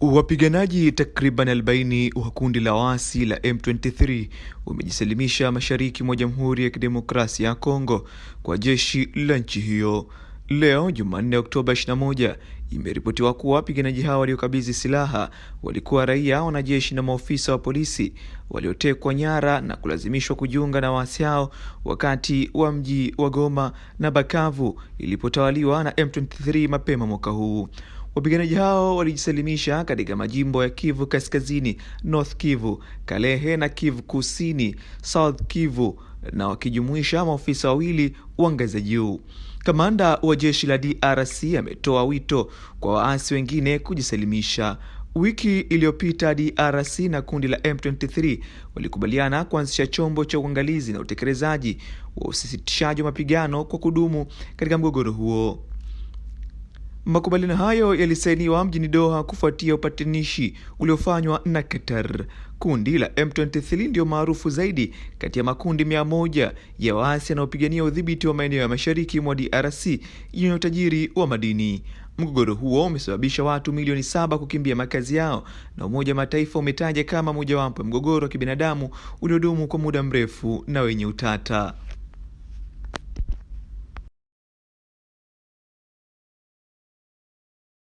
Wapiganaji takriban 40 wa kundi la waasi la M23 wamejisalimisha mashariki mwa Jamhuri ya Kidemokrasia ya Kongo kwa jeshi la nchi hiyo. Leo Jumanne, Oktoba 21, imeripotiwa kuwa wapiganaji hao waliokabidhi silaha walikuwa raia, wanajeshi na maofisa wa polisi waliotekwa nyara na kulazimishwa kujiunga na waasi hao wakati wa mji wa Goma na bakavu ilipotawaliwa na M23 mapema mwaka huu. Wapiganaji hao walijisalimisha katika majimbo ya Kivu Kaskazini, North Kivu, Kalehe na Kivu Kusini, South Kivu na wakijumuisha maofisa wawili wa ngazi ya juu. Kamanda wa jeshi la DRC ametoa wito kwa waasi wengine kujisalimisha. Wiki iliyopita DRC na kundi la M23 walikubaliana kuanzisha chombo cha uangalizi na utekelezaji wa usisitishaji wa mapigano kwa kudumu katika mgogoro huo. Makubaliano hayo yalisainiwa mjini Doha kufuatia upatanishi uliofanywa na Qatar. Kundi la M23 ndio maarufu zaidi kati ya makundi mia moja ya waasi yanayopigania udhibiti wa maeneo ya mashariki mwa DRC yenye utajiri wa madini. Mgogoro huo umesababisha watu milioni saba kukimbia makazi yao na Umoja wa Mataifa umetaja kama mojawapo ya mgogoro wa kibinadamu uliodumu kwa muda mrefu na wenye utata.